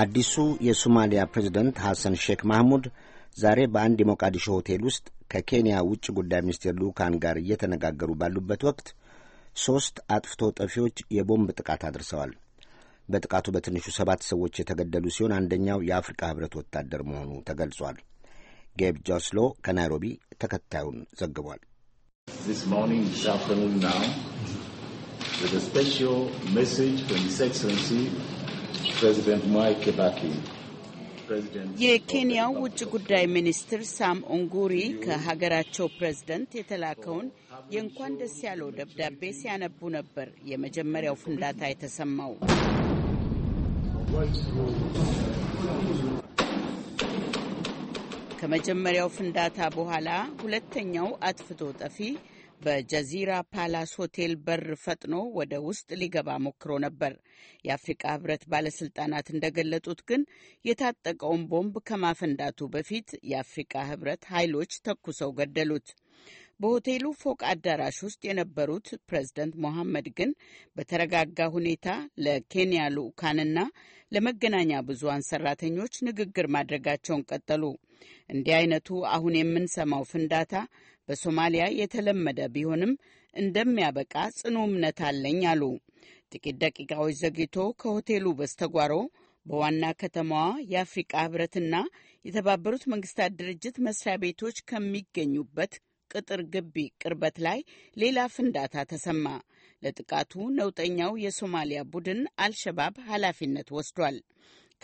አዲሱ የሶማሊያ ፕሬዝደንት ሐሰን ሼክ ማህሙድ ዛሬ በአንድ የሞቃዲሾ ሆቴል ውስጥ ከኬንያ ውጭ ጉዳይ ሚኒስቴር ልዑካን ጋር እየተነጋገሩ ባሉበት ወቅት ሦስት አጥፍቶ ጠፊዎች የቦምብ ጥቃት አድርሰዋል። በጥቃቱ በትንሹ ሰባት ሰዎች የተገደሉ ሲሆን አንደኛው የአፍሪካ ሕብረት ወታደር መሆኑ ተገልጿል። ጌብ ጆስሎ ከናይሮቢ ተከታዩን ዘግቧል። ስ የኬንያው ውጭ ጉዳይ ሚኒስትር ሳም ኦንጉሪ ከሀገራቸው ፕሬዝደንት የተላከውን የእንኳን ደስ ያለው ደብዳቤ ሲያነቡ ነበር የመጀመሪያው ፍንዳታ የተሰማው። ከመጀመሪያው ፍንዳታ በኋላ ሁለተኛው አጥፍቶ ጠፊ በጀዚራ ፓላስ ሆቴል በር ፈጥኖ ወደ ውስጥ ሊገባ ሞክሮ ነበር። የአፍሪቃ ህብረት ባለስልጣናት እንደገለጡት ግን የታጠቀውን ቦምብ ከማፈንዳቱ በፊት የአፍሪቃ ህብረት ኃይሎች ተኩሰው ገደሉት። በሆቴሉ ፎቅ አዳራሽ ውስጥ የነበሩት ፕሬዝደንት ሞሐመድ ግን በተረጋጋ ሁኔታ ለኬንያ ልዑካንና ለመገናኛ ብዙሃን ሰራተኞች ንግግር ማድረጋቸውን ቀጠሉ። እንዲህ አይነቱ አሁን የምንሰማው ፍንዳታ በሶማሊያ የተለመደ ቢሆንም እንደሚያበቃ ጽኑ እምነት አለኝ አሉ። ጥቂት ደቂቃዎች ዘግይቶ ከሆቴሉ በስተጓሮ በዋና ከተማዋ የአፍሪቃ ህብረትና የተባበሩት መንግስታት ድርጅት መስሪያ ቤቶች ከሚገኙበት ቅጥር ግቢ ቅርበት ላይ ሌላ ፍንዳታ ተሰማ። ለጥቃቱ ነውጠኛው የሶማሊያ ቡድን አልሸባብ ኃላፊነት ወስዷል።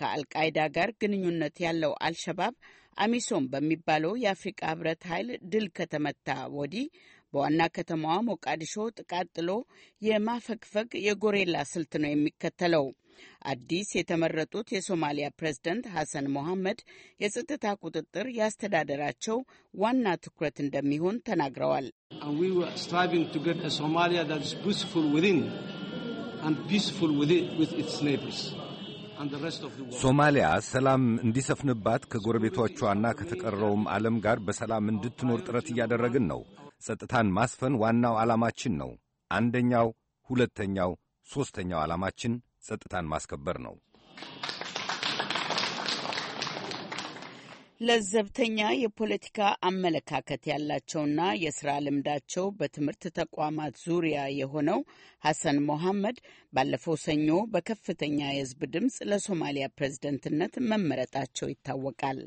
ከአልቃይዳ ጋር ግንኙነት ያለው አልሸባብ አሚሶም በሚባለው የአፍሪቃ ህብረት ኃይል ድል ከተመታ ወዲህ በዋና ከተማዋ ሞቃዲሾ ጥቃት ጥሎ የማፈግፈግ የጎሬላ ስልት ነው የሚከተለው። አዲስ የተመረጡት የሶማሊያ ፕሬዝደንት ሐሰን ሞሐመድ የጸጥታ ቁጥጥር የአስተዳደራቸው ዋና ትኩረት እንደሚሆን ተናግረዋል። ሶማሊያ ሰላም እንዲሰፍንባት ከጎረቤቶቿና ከተቀረውም ዓለም ጋር በሰላም እንድትኖር ጥረት እያደረግን ነው። ጸጥታን ማስፈን ዋናው ዓላማችን ነው። አንደኛው፣ ሁለተኛው፣ ሦስተኛው ዓላማችን ጸጥታን ማስከበር ነው። ለዘብተኛ የፖለቲካ አመለካከት ያላቸውና የስራ ልምዳቸው በትምህርት ተቋማት ዙሪያ የሆነው ሐሰን ሞሐመድ ባለፈው ሰኞ በከፍተኛ የሕዝብ ድምፅ ለሶማሊያ ፕሬዝደንትነት መመረጣቸው ይታወቃል።